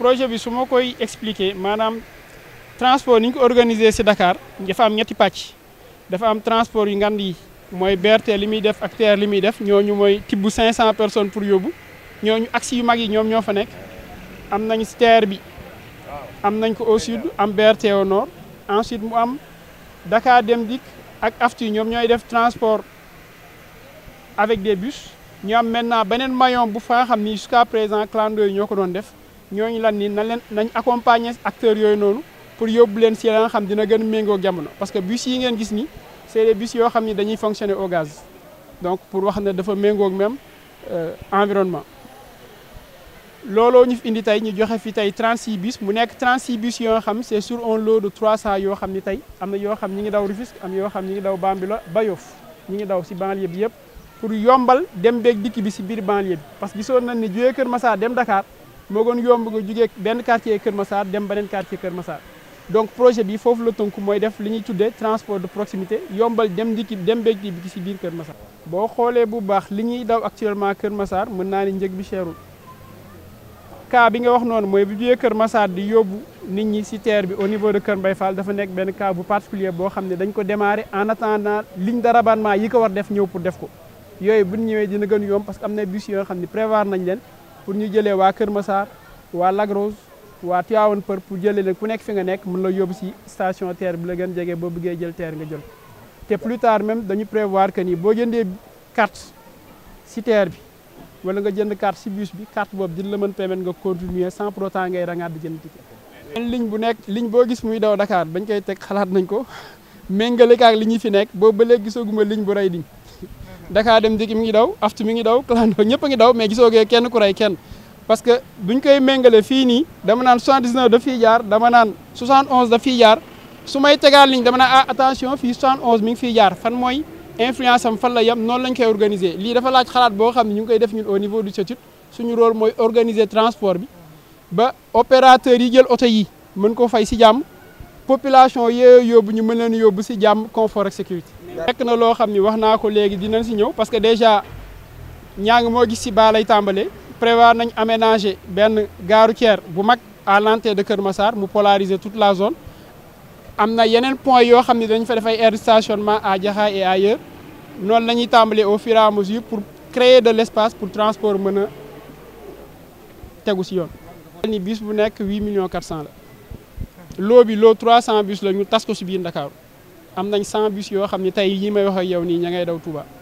projet bi su ma koy expliquer maanaam transport ni ñu ko organiser ci Dakar dafa ñetti pàcc dafa am transport yu ngand yi mooy berte li muy def ak TER li muy def ñooñu mooy tibb 500 personnes pour yóbbu ñooñu axes yu mag yi ñoom ñoo fa nekk am nañ TER bi am nañ ko au sud am BRT au nord ensuite mu am Dakar Dem Dikk ak AFTU ñoom ñooy def transport avec des bus ñu am maintenant beneen maillon bu fa xam ni jusqu'à présent clando yi ñoo ko doon def ñooñu lan ni nañ leen nañ accompagner acteurs yooyu noonu pour yóbbu leen si la xam dina gën a méngoo jamono parce que bus yi ngeen gis ni c'est des bus yoo xam ni dañuy fonctionner au gaz donc pour wax ne dafa méngook même euh, environnement looloo ñu fi indi tey ñu joxe fi tey 36 bus mu nekk 36 bus yoo xam c'est sur un lot de 300 yoo xam ni tey am na yoo xam ñi ngi daw Rufisque am yoo xam ñi ngi daw Bambilor Bayof ñi ngi daw si banlieue bi yëpp pour yombal dem beeg dikk bi si biir banlieue parce que gisoon nañ ni jógee Kër dem Dakar moo gën yomb nga jugee benn quartier Kër Massar dem beneen quartier Kër Massar donc projet bi foofu la tënku mooy def li ñuy tuddee transport de proximité yombal dem ndikki dem béy bi si biir Kër Massar. boo xoolee bu baax li ñuy daw actuellement Kër Massar mën naa ni njëg bi cherul cas bi nga wax noonu mooy bu jugee Kër Massar di yóbbu nit ñi si terre bi au niveau de Kër Mbaye Fall dafa nekk benn cas bu particulier boo xam ne dañ ko démarrer en attendant ligne de rabattement yi ko war def ñëw def ko yooyu bu ñu ñëwee dina gën yomb parce que am na bus yoo xam ne prévoir nañ leen. pour ñu jëlee waa Kër Massar waa Lac Rose waa Tivaouane për pour jëlee la ku nekk fi nga nekk mën la yóbbu si station terre bi la gën jege boo bëggee jël terre nga jël te plus tard même dañu prévoir que ni boo jëndee carte si terre bi wala nga jënd carte si bus bi carte boobu dina la mën permettre nga continuer sans pour autant ngay rangaat di jënd ticket. ligne bu nekk ligne boo gis muy daw Dakar bañ koy teg xalaat nañ ko méngale ak li ñu fi nekk boo ba léegi gisaguma ligne bu rey diñ Dakar dem dikki mi ngi daw aftu mi ngi daw clando ñëpp ngi daw mais gisoogee kenn ku rey kenn parce que buñ koy méngale fii nii dama naan 79 daf fiy jaar dama naan 71 daf fiy jaar su may tegaal liñ dama naan ah attention fii 71 mi ngi fiy jaar fan mooy influence am fan la yem noonu lañ koy organiser lii dafa laaj xalaat boo xam ne ñu ngi koy def ñun au niveau du CETUD suñu rôle mooy organiser transport bi ba opérateur yi jël oto yi mën ko fay si jàmm population yee yóbbu ñu mën leen yóbbu si jàmm confort ak sécurité fekk na loo xam ni wax naa ko léegi dina si ñëw parce que déjà ñaa ngi moo gis si baa lay tàmbale prévoir nañ aménager benn gare routière bu mag à l'entrée de Kër Massar mu polariser toute la zone am na yeneen point yoo xam ne dañ fa def ay aire de stationnement à Jaxaay et ailleurs noonu la ñuy tàmbalee au fur et à pour créer de l' espace pour transport mën a tegu si yoon ni bus bu nekk 8 millions 400 la loo bi loo 300 bus la ñu tas ko si biir Ndakaaru am nañ 100 bus yoo xam ni tey yi may wax ak yow nii ña ngay daw Touba.